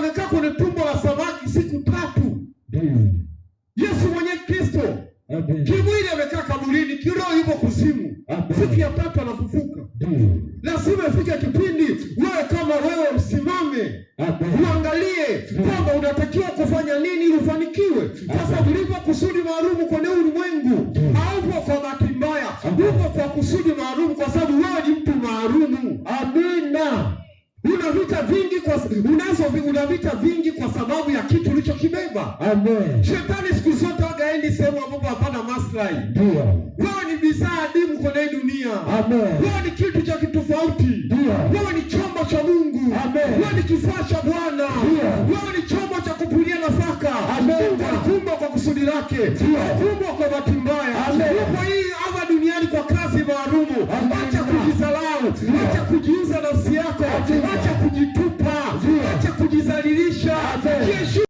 wamekaa kwenye tumbo la samaki siku tatu. Yesu mwenye Kristo kimwili amekaa kaburini, kiroho yuko kuzimu. Siku ya tatu anafufuka. Lazima ifike kipindi wewe kama wewe usimame uangalie kwamba unatakiwa kufanya nini ili ufanikiwe, Sasa vilivyo kusudi maalumu kwenye ulimwengu. Haupo kwa bahati mbaya, upo kwa kusudi maalumu, kwa sababu wewe ni mtu maalumu vingi kwa unazo una vita vingi kwa sababu ya kitu ulichokibeba. Amen. Shetani siku zote endi sehemu Mungu hapana maslahi. Ndio. Wewe ni bidhaa adimu kwenye dunia. Amen. Wewe ni kitu cha kitofauti. Ndio. Wewe ni chombo cha Mungu. Amen. Wewe ni kifaa cha Bwana. Ndio. Wewe ni chombo cha kupulia nafaka. Amen. Kumbwa kwa kusudi lake. Ndio. Kumbwa kwa bahati mbaya. Amen. Hii hapa duniani kwa kazi maalumu. Amen acha kujiuza nafsi yako, acha kujitupa, acha kujizalilisha.